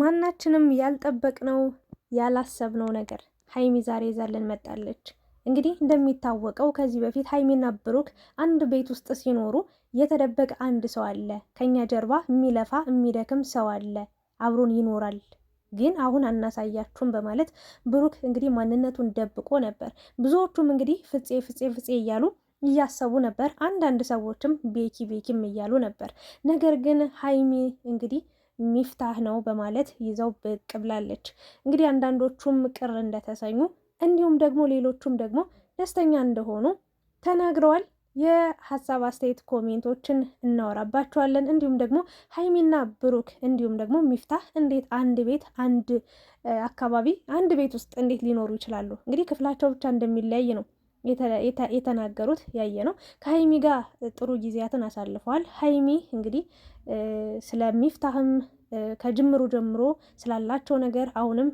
ማናችንም ያልጠበቅነው ያላሰብነው ነገር ሀይሚ ዛሬ ይዛልን መጣለች። እንግዲህ እንደሚታወቀው ከዚህ በፊት ሀይሚና ብሩክ አንድ ቤት ውስጥ ሲኖሩ የተደበቀ አንድ ሰው አለ፣ ከኛ ጀርባ የሚለፋ የሚደክም ሰው አለ፣ አብሮን ይኖራል፣ ግን አሁን አናሳያችሁም በማለት ብሩክ እንግዲህ ማንነቱን ደብቆ ነበር። ብዙዎቹም እንግዲህ ፍፄ ፍፄ ፍፄ እያሉ እያሰቡ ነበር። አንዳንድ ሰዎችም ቤኪ ቤኪም እያሉ ነበር። ነገር ግን ሀይሚ እንግዲህ ሚፍታህ ነው በማለት ይዘው ብቅ ብላለች። እንግዲህ አንዳንዶቹም ቅር እንደተሰኙ እንዲሁም ደግሞ ሌሎቹም ደግሞ ደስተኛ እንደሆኑ ተናግረዋል። የሀሳብ አስተያየት ኮሜንቶችን እናወራባቸዋለን። እንዲሁም ደግሞ ሀይሚና ብሩክ እንዲሁም ደግሞ ሚፍታህ እንዴት አንድ ቤት አንድ አካባቢ አንድ ቤት ውስጥ እንዴት ሊኖሩ ይችላሉ? እንግዲህ ክፍላቸው ብቻ እንደሚለያይ ነው የተናገሩት ያየ ነው። ከሀይሚ ጋር ጥሩ ጊዜያትን አሳልፈዋል። ሀይሚ እንግዲህ ስለሚፍታህም ከጅምሩ ጀምሮ ስላላቸው ነገር አሁንም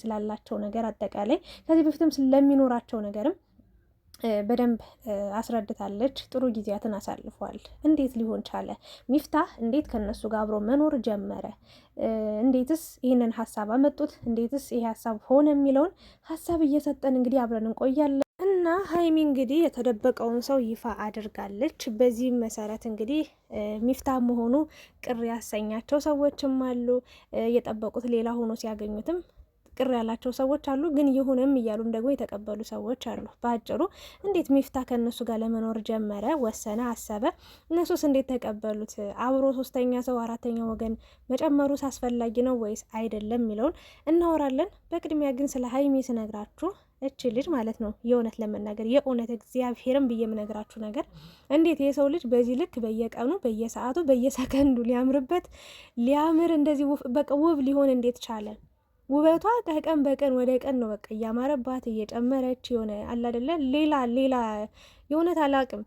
ስላላቸው ነገር አጠቃላይ ከዚህ በፊትም ስለሚኖራቸው ነገርም በደንብ አስረድታለች። ጥሩ ጊዜያትን አሳልፏል። እንዴት ሊሆን ቻለ? ሚፍታህ እንዴት ከነሱ ጋር አብሮ መኖር ጀመረ? እንዴትስ ይህንን ሀሳብ አመጡት? እንዴትስ ይሄ ሀሳብ ሆነ የሚለውን ሀሳብ እየሰጠን እንግዲህ አብረን እንቆያለን። እና ሀይሚ እንግዲህ የተደበቀውን ሰው ይፋ አድርጋለች። በዚህ መሰረት እንግዲህ ሚፍታ መሆኑ ቅር ያሰኛቸው ሰዎችም አሉ። የጠበቁት ሌላ ሆኖ ሲያገኙትም ቅር ያላቸው ሰዎች አሉ። ግን ይሁንም እያሉም ደግሞ የተቀበሉ ሰዎች አሉ። በአጭሩ እንዴት ሚፍታ ከእነሱ ጋር ለመኖር ጀመረ፣ ወሰነ፣ አሰበ? እነሱስ እንዴት ተቀበሉት? አብሮ ሶስተኛ ሰው አራተኛ ወገን መጨመሩስ አስፈላጊ ነው ወይስ አይደለም የሚለውን እናወራለን። በቅድሚያ ግን ስለ ሀይሚ ስነግራችሁ እች ልጅ ማለት ነው የእውነት ለመናገር የእውነት እግዚአብሔርን ብዬ የምነግራችሁ ነገር እንዴት የሰው ልጅ በዚህ ልክ በየቀኑ በየሰዓቱ በየሰከንዱ ሊያምርበት ሊያምር እንደዚህ በቃ ውብ ሊሆን እንዴት ቻለ? ውበቷ ከቀን በቀን ወደ ቀን ነው በቃ እያማረባት እየጨመረች የሆነ አላደለ ሌላ ሌላ የእውነት አላቅም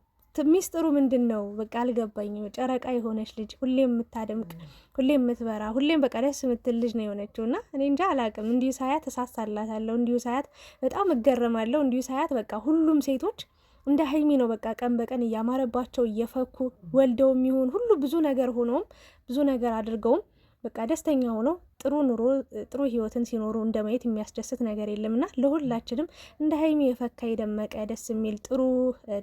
ሚስጥሩ ምንድን ነው? በቃ አልገባኝም። ጨረቃ የሆነች ልጅ ሁሌም የምታደምቅ ሁሌም የምትበራ ሁሌም በቃ ደስ የምትል ልጅ ነው የሆነችው እና እኔ እንጃ አላቅም። እንዲሁ ሳያት እሳሳላታለሁ፣ እንዲሁ ሳያት በጣም እገረማለሁ፣ እንዲሁ ሳያት በቃ ሁሉም ሴቶች እንደ ሀይሚ ነው በቃ ቀን በቀን እያማረባቸው እየፈኩ ወልደው የሚሆን ሁሉ ብዙ ነገር ሆነውም ብዙ ነገር አድርገውም በቃ ደስተኛ ሆነው ጥሩ ኑሮ ጥሩ ህይወትን ሲኖሩ እንደ ማየት የሚያስደስት ነገር የለምና ለሁላችንም እንደ ሀይሚ የፈካ የደመቀ ደስ የሚል ጥሩ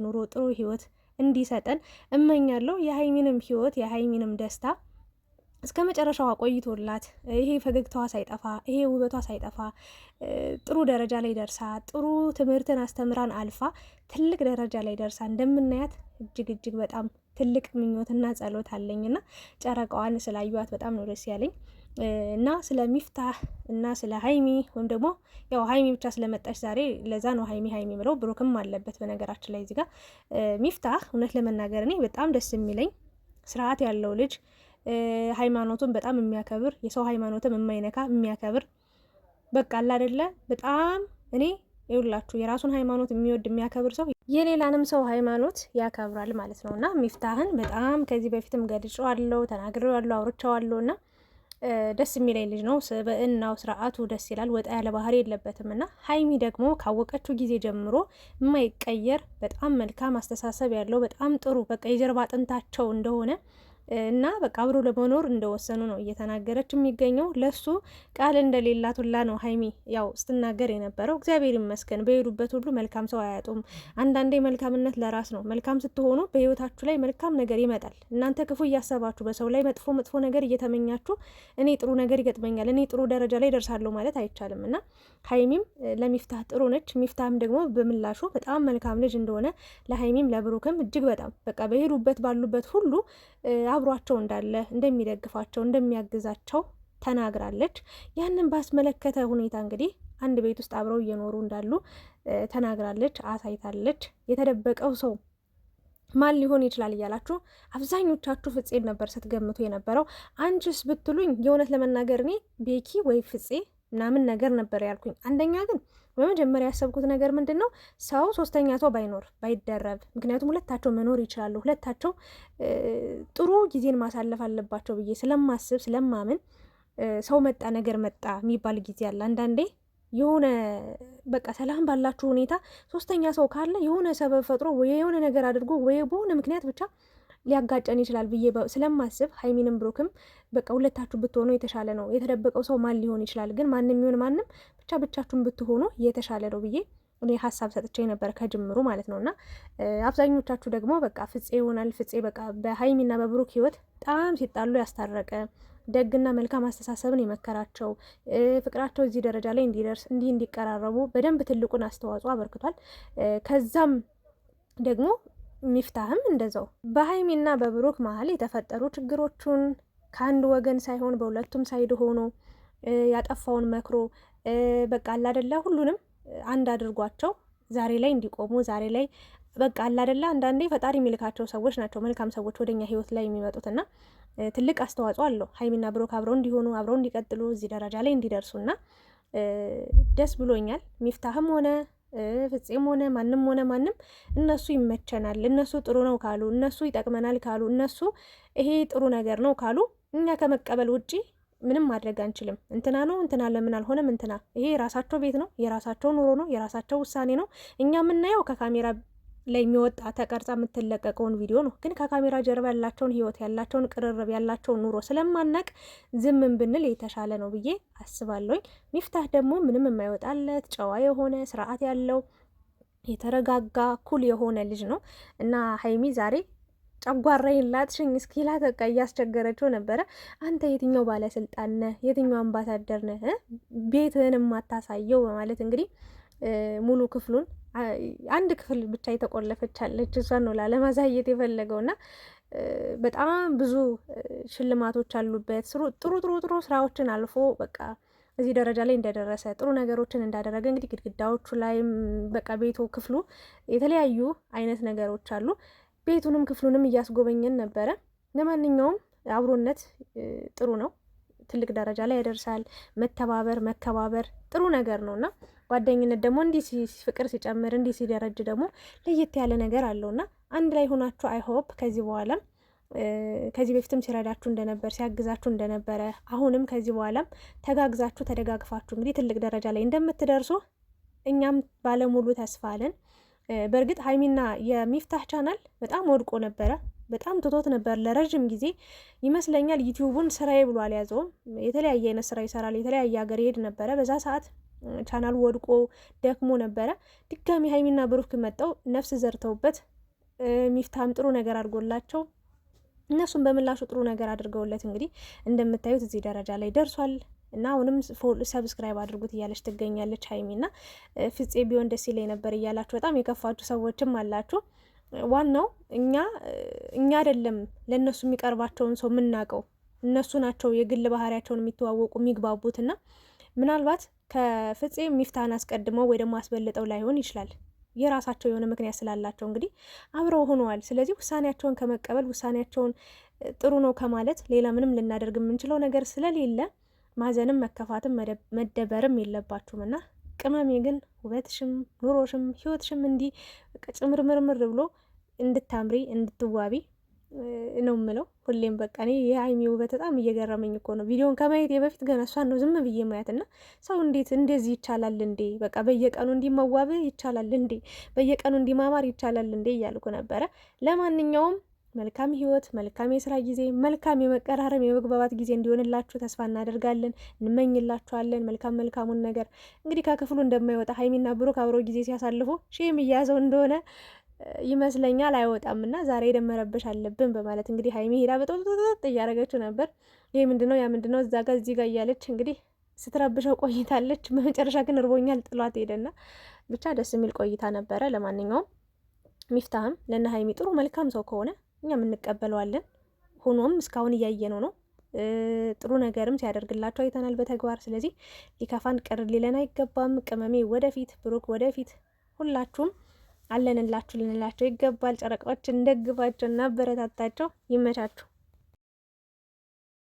ኑሮ ጥሩ ህይወት እንዲሰጠን እመኛለሁ። የሀይሚንም ህይወት የሀይሚንም ደስታ እስከ መጨረሻዋ ቆይቶላት ይሄ ፈገግታዋ ሳይጠፋ ይሄ ውበቷ ሳይጠፋ ጥሩ ደረጃ ላይ ደርሳ ጥሩ ትምህርትን አስተምራን አልፋ ትልቅ ደረጃ ላይ ደርሳ እንደምናያት እጅግ እጅግ በጣም ትልቅ ምኞትና ጸሎት አለኝና ጨረቃዋን ስላዩዋት በጣም ነው ደስ ያለኝ። እና ስለ ሚፍታህ እና ስለ ሀይሚ ወይም ደግሞ ያው ሀይሚ ብቻ ስለመጣች ዛሬ ለዛ ነው ሀይሚ ሀይሚ ብለው ብሩክም አለበት። በነገራችን ላይ እዚጋ ሚፍታህ እውነት ለመናገር እኔ በጣም ደስ የሚለኝ ስርዓት ያለው ልጅ ሃይማኖቱን በጣም የሚያከብር የሰው ሃይማኖትም የማይነካ የሚያከብር በቃ አለ አይደለ በጣም እኔ ይውላችሁ የራሱን ሃይማኖት የሚወድ የሚያከብር ሰው የሌላንም ሰው ሃይማኖት ያከብራል ማለት ነው። እና ሚፍታህን በጣም ከዚህ በፊትም ገድጬዋለሁ፣ ተናግሬዋለሁ፣ አውርቼዋለሁ እና ደስ የሚለኝ ልጅ ነው። ስብዕናው፣ ስርዓቱ ደስ ይላል። ወጣ ያለ ባህሪ የለበትም እና ሀይሚ ደግሞ ካወቀችው ጊዜ ጀምሮ የማይቀየር በጣም መልካም አስተሳሰብ ያለው በጣም ጥሩ በቃ የጀርባ አጥንታቸው እንደሆነ እና በቃ አብሮ ለመኖር እንደወሰኑ ነው እየተናገረች የሚገኘው። ለሱ ቃል እንደሌላት ሁላ ነው ሀይሚ ያው ስትናገር የነበረው። እግዚአብሔር ይመስገን በሄዱበት ሁሉ መልካም ሰው አያጡም። አንዳንዴ መልካምነት ለራስ ነው። መልካም ስትሆኑ በህይወታችሁ ላይ መልካም ነገር ይመጣል። እናንተ ክፉ እያሰባችሁ በሰው ላይ መጥፎ መጥፎ ነገር እየተመኛችሁ እኔ ጥሩ ነገር ይገጥመኛል፣ እኔ ጥሩ ደረጃ ላይ ደርሳለሁ ማለት አይቻልም። እና ሀይሚም ለሚፍታህ ጥሩ ነች። ሚፍታህም ደግሞ በምላሹ በጣም መልካም ልጅ እንደሆነ ለሀይሚም ለብሩክም እጅግ በጣም በቃ በሄዱበት ባሉበት ሁሉ አብሯቸው እንዳለ እንደሚደግፋቸው፣ እንደሚያግዛቸው ተናግራለች። ያንን ባስመለከተ ሁኔታ እንግዲህ አንድ ቤት ውስጥ አብረው እየኖሩ እንዳሉ ተናግራለች፣ አሳይታለች። የተደበቀው ሰው ማን ሊሆን ይችላል እያላችሁ አብዛኞቻችሁ ፍፄን ነበር ስትገምቱ የነበረው። አንቺስ ብትሉኝ የእውነት ለመናገር እኔ ቤኪ ወይ ፍፄ ምናምን ነገር ነበር ያልኩኝ። አንደኛ ግን በመጀመሪያ ያሰብኩት ነገር ምንድን ነው ሰው ሶስተኛ ሰው ባይኖር ባይደረብ፣ ምክንያቱም ሁለታቸው መኖር ይችላሉ፣ ሁለታቸው ጥሩ ጊዜን ማሳለፍ አለባቸው ብዬ ስለማስብ ስለማምን ሰው መጣ ነገር መጣ የሚባል ጊዜ አለ አንዳንዴ የሆነ በቃ ሰላም ባላችሁ ሁኔታ ሶስተኛ ሰው ካለ የሆነ ሰበብ ፈጥሮ ወይ የሆነ ነገር አድርጎ ወይ በሆነ ምክንያት ብቻ ሊያጋጨን ይችላል ብዬ ስለማስብ ሀይሚንም ብሩክም በቃ ሁለታችሁ ብትሆኑ የተሻለ ነው። የተደበቀው ሰው ማን ሊሆን ይችላል? ግን ማንም ይሁን ማንም ብቻ ብቻችሁን ብትሆኑ የተሻለ ነው ብዬ እኔ ሀሳብ ሰጥቼ ነበር ከጅምሩ ማለት ነው። እና አብዛኞቻችሁ ደግሞ በቃ ፍፄ ይሆናል ፍፄ በቃ በሀይሚና በብሩክ ህይወት በጣም ሲጣሉ ያስታረቀ ደግና መልካም አስተሳሰብን የመከራቸው ፍቅራቸው እዚህ ደረጃ ላይ እንዲደርስ እንዲህ እንዲቀራረቡ በደንብ ትልቁን አስተዋጽኦ አበርክቷል። ከዛም ደግሞ ሚፍታህም እንደዛው በሀይሚና በብሩክ መሀል የተፈጠሩ ችግሮቹን ከአንድ ወገን ሳይሆን በሁለቱም ሳይድ ሆኖ ያጠፋውን መክሮ በቃ አላደላ ሁሉንም አንድ አድርጓቸው ዛሬ ላይ እንዲቆሙ ዛሬ ላይ በቃ አላደለ። አንዳንዴ ፈጣሪ የሚልካቸው ሰዎች ናቸው መልካም ሰዎች ወደኛ ህይወት ላይ የሚመጡትና ትልቅ አስተዋጽኦ አለው። ሀይሚና ብሩክ አብረው እንዲሆኑ አብረው እንዲቀጥሉ እዚህ ደረጃ ላይ እንዲደርሱ እና ደስ ብሎኛል። ሚፍታህም ሆነ ፍፄም ሆነ ማንም ሆነ ማንም እነሱ ይመቸናል፣ እነሱ ጥሩ ነው ካሉ፣ እነሱ ይጠቅመናል ካሉ፣ እነሱ ይሄ ጥሩ ነገር ነው ካሉ እኛ ከመቀበል ውጪ ምንም ማድረግ አንችልም። እንትና ነው እንትና ለምን አልሆነም እንትና፣ ይሄ የራሳቸው ቤት ነው፣ የራሳቸው ኑሮ ነው፣ የራሳቸው ውሳኔ ነው። እኛ የምናየው ከካሜራ ለሚወጣ ተቀርጻ የምትለቀቀውን ቪዲዮ ነው። ግን ከካሜራ ጀርባ ያላቸውን ህይወት ያላቸውን ቅርርብ ያላቸውን ኑሮ ስለማናቅ ዝምን ብንል የተሻለ ነው ብዬ አስባለሁኝ። ሚፍታህ ደግሞ ምንም የማይወጣለት ጨዋ የሆነ ስርዓት ያለው የተረጋጋ ኩል የሆነ ልጅ ነው እና ሀይሚ ዛሬ ጨጓራዬን ላጥሽኝ እስኪ ተቃ እያስቸገረችው ነበረ። አንተ የትኛው ባለስልጣን ነህ? የትኛው አምባሳደር ነህ? ቤትህን የማታሳየው በማለት እንግዲህ ሙሉ ክፍሉን አንድ ክፍል ብቻ የተቆለፈች አለች። እሷን ነው ላለማሳየት የፈለገው እና በጣም ብዙ ሽልማቶች አሉበት። ጥሩ ጥሩ ጥሩ ስራዎችን አልፎ በቃ እዚህ ደረጃ ላይ እንደደረሰ ጥሩ ነገሮችን እንዳደረገ እንግዲህ ግድግዳዎቹ ላይም በቃ ቤቱ ክፍሉ የተለያዩ አይነት ነገሮች አሉ። ቤቱንም ክፍሉንም እያስጎበኘን ነበረ። ለማንኛውም አብሮነት ጥሩ ነው፣ ትልቅ ደረጃ ላይ ያደርሳል። መተባበር መከባበር ጥሩ ነገር ነውና ጓደኝነት ደግሞ እንዲህ ፍቅር ሲጨምር እንዲህ ሲደረጅ ደግሞ ለየት ያለ ነገር አለውና አንድ ላይ ሆናችሁ አይሆፕ ከዚህ በኋላም ከዚህ በፊትም ሲረዳችሁ እንደነበር ሲያግዛችሁ እንደነበረ አሁንም ከዚህ በኋላም ተጋግዛችሁ ተደጋግፋችሁ እንግዲህ ትልቅ ደረጃ ላይ እንደምትደርሱ እኛም ባለሙሉ ተስፋ አለን። በእርግጥ ሀይሚና የሚፍታህ ቻናል በጣም ወድቆ ነበረ። በጣም ትቶት ነበር ለረዥም ጊዜ ይመስለኛል። ዩቲዩቡን ስራዬ ብሎ አልያዘውም። የተለያየ አይነት ስራ ይሰራል። የተለያየ ሀገር ይሄድ ነበረ በዛ ሰዓት ቻናል ወድቆ ደክሞ ነበረ። ድጋሚ ሀይሚና ብሩክ መጠው ነፍስ ዘርተውበት ሚፍታም ጥሩ ነገር አድርጎላቸው እነሱም በምላሹ ጥሩ ነገር አድርገውለት እንግዲህ እንደምታዩት እዚህ ደረጃ ላይ ደርሷል። እና አሁንም ሰብስክራይብ አድርጉት እያለች ትገኛለች ሀይሚና ፍፄ ቢሆን ደስ ይለኝ ነበር እያላችሁ በጣም የከፋችሁ ሰዎችም አላችሁ። ዋናው እኛ እኛ አይደለም ለእነሱ የሚቀርባቸውን ሰው የምናውቀው እነሱ ናቸው የግል ባህሪያቸውን የሚተዋወቁ የሚግባቡትና ምናልባት ከፍፄ ሚፍታህን አስቀድመው ወይ ደግሞ አስበልጠው ላይሆን ይችላል። የራሳቸው የሆነ ምክንያት ስላላቸው እንግዲህ አብረው ሆነዋል። ስለዚህ ውሳኔያቸውን ከመቀበል ውሳኔያቸውን ጥሩ ነው ከማለት ሌላ ምንም ልናደርግ የምንችለው ነገር ስለሌለ ማዘንም መከፋትም መደበርም የለባችሁም እና ቅመሜ ግን ውበትሽም ኑሮሽም ህይወትሽም እንዲህ ጭምርምርምር ብሎ እንድታምሪ እንድትዋቢ ነው የምለው ሁሌም በቃ እኔ የሀይሚ ውበት በጣም እየገረመኝ እኮ ነው። ቪዲዮን ከማየት በፊት ገና እሷን ነው ዝም ብዬ ማየት እና ሰው እንዴት እንደዚህ ይቻላል እንዴ? በቃ በየቀኑ እንዲመዋብ ይቻላል እንዴ? በየቀኑ እንዲማማር ይቻላል እንዴ? እያልኩ ነበረ። ለማንኛውም መልካም ህይወት፣ መልካም የስራ ጊዜ፣ መልካም የመቀራረብ የመግባባት ጊዜ እንዲሆንላችሁ ተስፋ እናደርጋለን፣ እንመኝላችኋለን። መልካም መልካሙን ነገር እንግዲህ ከክፍሉ እንደማይወጣ ሀይሚና ብሩክ አብሮ ጊዜ ሲያሳልፉ ሼም እያያዘው እንደሆነ ይመስለኛል አይወጣም እና ዛሬ የደመረበሽ አለብን በማለት እንግዲህ ሀይሚ ሄዳ በጦጥጦጥ እያደረገችው ነበር። ይህ ምንድነው ያ ምንድነው እዛ ጋር እዚህ ጋር እያለች እንግዲህ ስትረብሸው ቆይታለች። በመጨረሻ ግን እርቦኛል ጥሏት ሄደና ብቻ ደስ የሚል ቆይታ ነበረ። ለማንኛውም ሚፍታህም ለእነ ሀይሚ ጥሩ መልካም ሰው ከሆነ እኛም እንቀበለዋለን። ሆኖም እስካሁን እያየነው ነው ጥሩ ነገርም ሲያደርግላቸው አይተናል በተግባር ስለዚህ ሊከፋን ቅር ሊለን አይገባም። ቅመሜ ወደፊት፣ ብሩክ ወደፊት ሁላችሁም አለንላችሁ ልንላቸው ይገባል። ጨረቃዎች እንደግፋቸው እና አበረታታቸው። ይመቻችሁ።